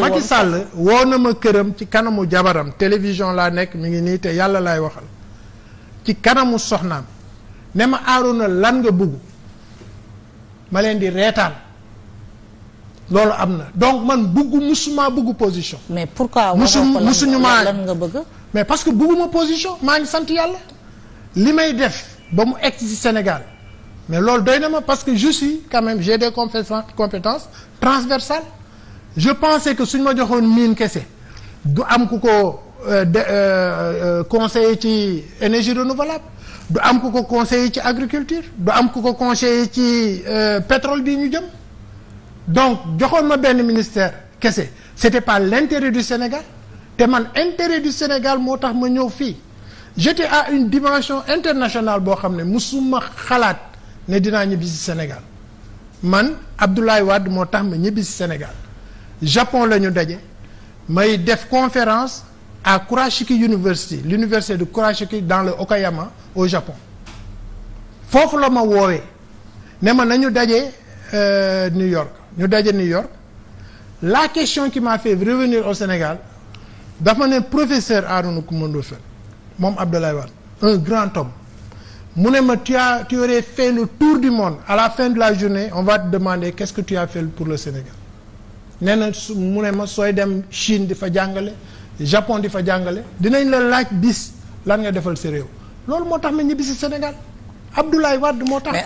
Macky sàll woo na ma këram ci kanamu jabaram télévision laa nekk mi ngi nii te yàlla laay waxal ci kanamu soxnaam ne ma Arouna lan nga bëgg ma leen di reetaan loolu am na donc man bëggu musuma bëggu position. mais pourquoi ma musuñu maa lan nga bëgg mais parce que bëgguma position maa ngi sant yàlla li may def ba mu egg ci Sénégal mais loolu doy na ma parce que je suis quand même j'ai des compétences compétences je pensais que suñ ma joxoon miin kese du am ku ko euh, euh, euh, conseiller ci énergie renouvelable du am ku ko conseiller ci agriculture du am ku ko conseiller ci pétrole bii ñu jëm donc joxoon ma benn ministère kese c'était pas l'intérêt du Sénégal te man intérêt du Sénégal moo tax ma ñëw fii jete à une dimension internationale boo xam ne musuma xalaat ne dinaa ñibbi si Sénégal man Abdoulaye Wade moo tax ma ñibbi si Sénégal Japon la ñu daje may def conférence à Kurashiki University l'université de Kurashiki dans le Okayama au Japon foofu la ma woowee ne ma nañu daje euh, New York ñu daje New York la question qui m'a fait revenir au Sénégal dafa ne professeur Arouna Coumba Ndoffène moom Abdoulaye Wade un grand homme mu ne ma tu as tu aurais fait le tour du monde à la fin de la journée on va demander qu'est-ce que pour le Sénégal nee na su mu ne ma sooy dem Chine di fa jàngale Japon di fa jàngale dinañ la laaj bis lan nga defal sa réew loolu moo tax ma ñibbi si Sénégal Abdoulaye Wade moo tax